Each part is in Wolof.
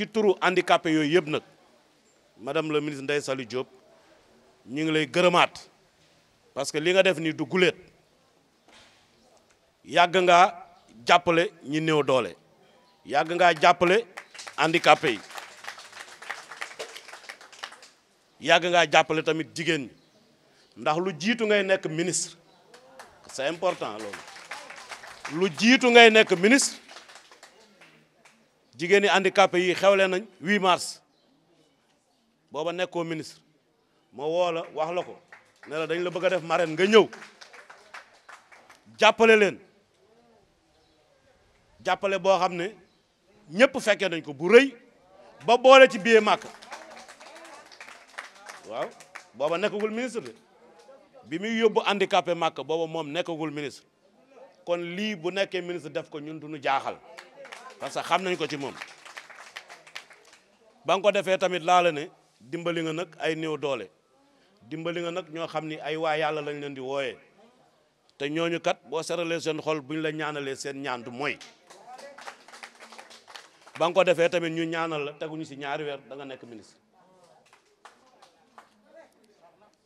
ci turu handicapé yoy yeb nak madame le ministre ndey Saly job ñi ngi lay gërëmaat parce que li nga def ni du gulet yag nga jappalé ñi néew doolé yag nga jappalé handicapé yag nga jappalé tamit jigen ndax lu jitu ngay nek ministre c'est important lolu lu jitu ngay nek ministre jigéen ñi handicapé yi xewle nañ 8 mars booba nekkoo ministre moo woo wax la ko ne la dañ la bëgg a def marraine nga ñëw jàppale leen jàppale boo xam ne ñëpp fekkee nañ ko bu rëy ba boole ci billet màkk waaw booba nekkagul ministre de bi muy yóbbu handicapé màkk booba moom nekkagul ministre kon lii bu nekkee ministre def ko ñun du ñu jaaxal parce que xam nañ ko ci moom ba nga ko defee tamit laa la ne dimbali nga nag ay néew doole dimbali nga nag ñoo xam ni ay waa yàlla lañ leen di wooyee te ñooñu kat boo seralee seen xol ñu la ñaanalee seen ñaan mooy ba ko defee tamit ñu ñaanal la teguñu si ñaari weer da nga nekk ministre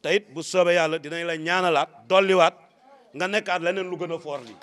te it bu soobee yàlla dinañ la ñaanalaat dolliwaat nga nekkaat leneen lu gën a foor lii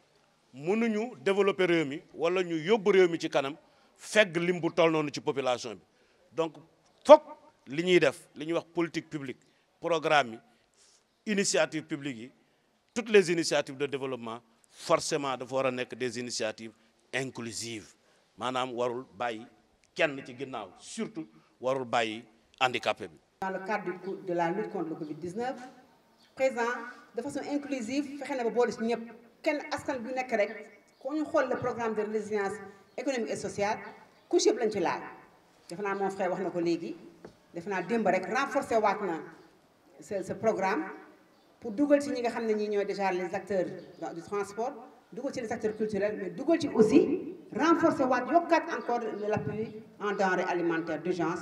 mënuñu développer réew mi wala ñu yóbbu réew mi ci kanam fegg lim bu ci population bi donc foog li ñuy def li wax politique publique programme yi initiative publique yi toutes les initiatives de développement forcément dafa war nekk des initiatives inclusives maanaam warul bàyyi kenn ci ginnaaw surtout warul Baye, handicapé bi. dans le cadre de la lutte contre le Covid 19 présent de façon inclusive fexe na ba boole kenn askan bu nek rek ko ñu xol le programme de résilience économique et sociale couche yëpp lañ ci laal. def na mon frère wax na collègue. Je defe naa rek renforcer waat na ce ce programme pour que ci ñi nga déjà les acteurs du transport dougal ci les acteurs culturels mais dougal ci aussi renforcer waat yokkat encore l'appui en denrées alimentaires d'urgence